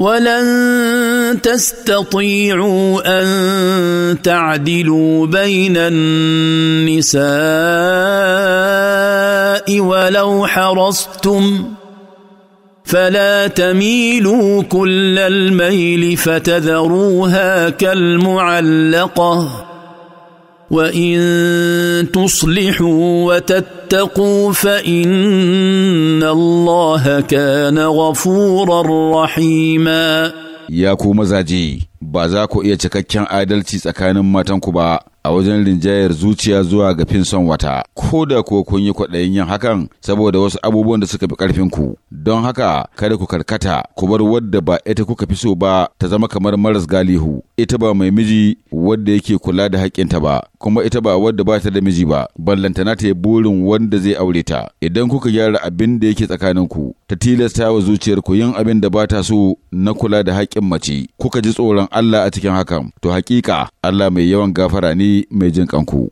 ولن تستطيعوا ان تعدلوا بين النساء ولو حرصتم فلا تميلوا كل الميل فتذروها كالمعلقه وان تصلحوا وتتقوا فان الله كان غفورا رحيما ya ku mazaje ba za ku iya cikakken adalci tsakanin matanku ba a wajen rinjayar zuciya zuwa ga fin son wata ko da ko kun yi kwaɗayin yin hakan saboda wasu abubuwan da suka fi ƙarfin ku don haka kada ku karkata ku bar wadda ba ita kuka fi so ba ta zama kamar maras galihu ita ba mai miji wadda yake kula da haƙƙinta ba kuma ita ba wadda ba ta da miji ba ballantana ta yi burin wanda zai aure ta idan kuka gyara abin da yake ku ta tilasta wa zuciyar ku yin abin da ba ta so na kula da haƙƙin mace kuka ji tsoron Allah a cikin hakan to haƙiƙa Allah mai yawan gafara ne 没进仓库。